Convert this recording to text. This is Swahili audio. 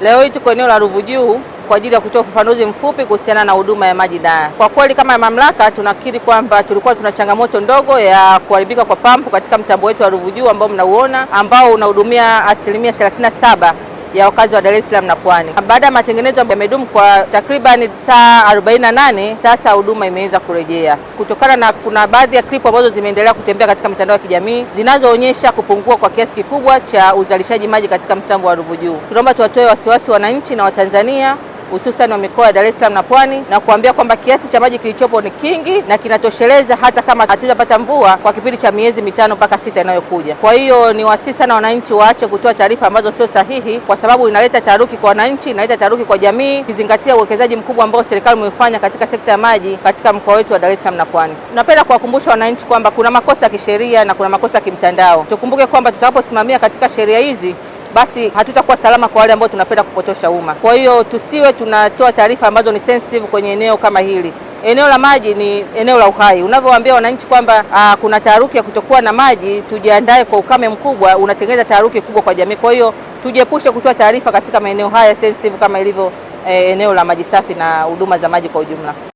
Leo hii tuko eneo la Ruvu Juu kwa ajili ya kutoa ufafanuzi mfupi kuhusiana na huduma ya maji Daya. Kwa kweli kama mamlaka tunakiri kwamba tulikuwa tuna changamoto ndogo ya kuharibika kwa pampu katika mtambo wetu wa Ruvu Juu ambao mnauona ambao unahudumia asilimia 37 ya wakazi wa Dar es Salaam na Pwani. Baada ya matengenezo yamedumu kwa takriban saa 48, sasa huduma imeweza kurejea, kutokana na kuna baadhi ya klipu ambazo zimeendelea kutembea katika mitandao ya kijamii zinazoonyesha kupungua kwa kiasi kikubwa cha uzalishaji maji katika mtambo wa Ruvu Juu. Tunaomba tuwatoe wasiwasi wananchi na Watanzania hususan wa mikoa ya Dar es Salaam na Pwani na kuambia kwamba kiasi cha maji kilichopo ni kingi na kinatosheleza hata kama hatujapata mvua kwa kipindi cha miezi mitano mpaka sita inayokuja. Kwa hiyo ni wasihi sana wananchi waache kutoa taarifa ambazo sio sahihi, kwa sababu inaleta taharuki kwa wananchi, inaleta taharuki kwa jamii, ukizingatia uwekezaji mkubwa ambao serikali umefanya katika sekta ya maji katika mkoa wetu wa Dar es Salaam na Pwani. Napenda kuwakumbusha wananchi kwamba kuna makosa ya kisheria na kuna makosa ya kimtandao. Tukumbuke kwamba tutakaposimamia katika sheria hizi basi hatutakuwa salama kwa wale ambao tunapenda kupotosha umma. Kwa hiyo tusiwe tunatoa taarifa ambazo ni sensitive kwenye eneo kama hili. Eneo la maji ni eneo la uhai. Unavyowaambia wananchi kwamba ah, kuna taharuki ya kutokuwa na maji, tujiandae kwa ukame mkubwa, unatengeneza taharuki kubwa kwa jamii. Kwa hiyo tujiepushe kutoa taarifa katika maeneo haya sensitive kama ilivyo e, eneo la maji safi na huduma za maji kwa ujumla.